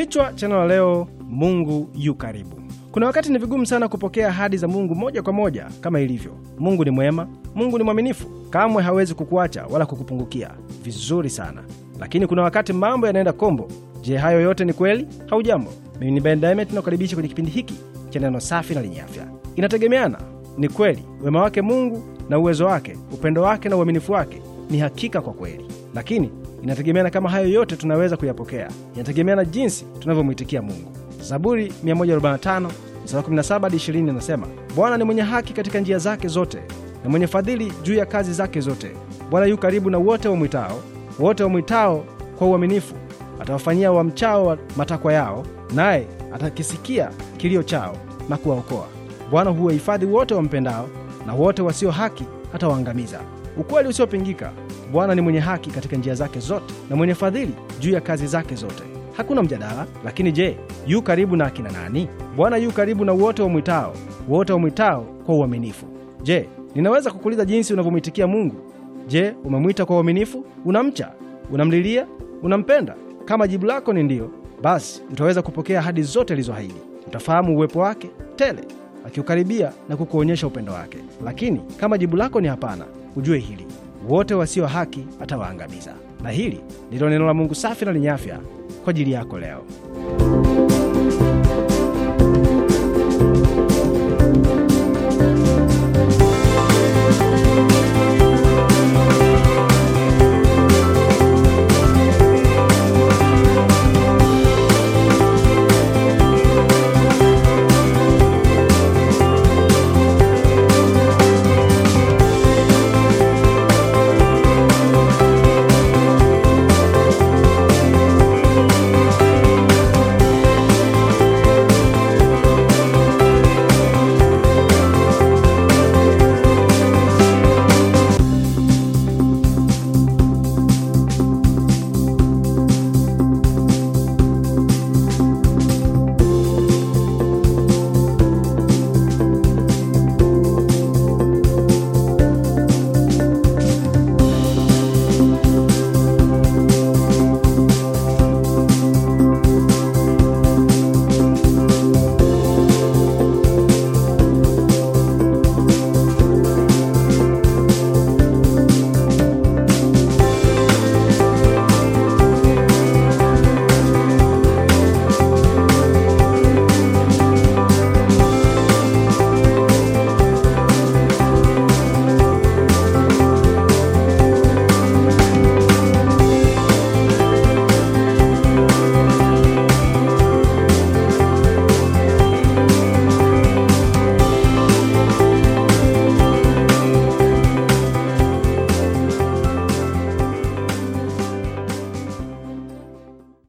Kichwa cha neno la leo, Mungu yu karibu. Kuna wakati ni vigumu sana kupokea ahadi za Mungu moja kwa moja kama ilivyo. Mungu ni mwema, Mungu ni mwaminifu, kamwe hawezi kukuacha wala kukupungukia. Vizuri sana, lakini kuna wakati mambo yanaenda kombo. Je, hayo yote ni kweli? Haujambo, mimi ni Ben Diamond, nakukaribisha kwenye kipindi hiki cha neno safi na lenye afya. Inategemeana ni kweli wema wake Mungu na uwezo wake, upendo wake na uaminifu wake ni hakika kwa kweli, lakini Inategemeana kama hayo yote tunaweza kuyapokea, inategemeana jinsi tunavyomwitikia Mungu. Zaburi 145 mstari 17 20 inasema, Bwana ni mwenye haki katika njia zake zote na mwenye fadhili juu ya kazi zake zote. Bwana yu karibu na wote wamwitao, wote wamwitao kwa uaminifu. Atawafanyia wamchao matakwa yao, naye atakisikia kilio chao na kuwaokoa. Bwana huwahifadhi wote wampendao, na wote wasio haki hatawaangamiza. Ukweli usiopingika Bwana ni mwenye haki katika njia zake zote na mwenye fadhili juu ya kazi zake zote. Hakuna mjadala. Lakini je, yu karibu na akina nani? Bwana yu karibu na wote wamwitao, wote wamwitao kwa uaminifu. Je, ninaweza kukuuliza jinsi unavyomwitikia Mungu? Je, umemwita kwa uaminifu? Unamcha? Unamlilia? Unampenda? Kama jibu lako ni ndiyo, basi utaweza kupokea ahadi zote alizoahidi. Utafahamu uwepo wake tele akiukaribia na kukuonyesha upendo wake. Lakini kama jibu lako ni hapana, ujue hili wote wasio haki atawaangamiza. Na hili ndilo neno la Mungu safi na lenye afya kwa ajili yako leo.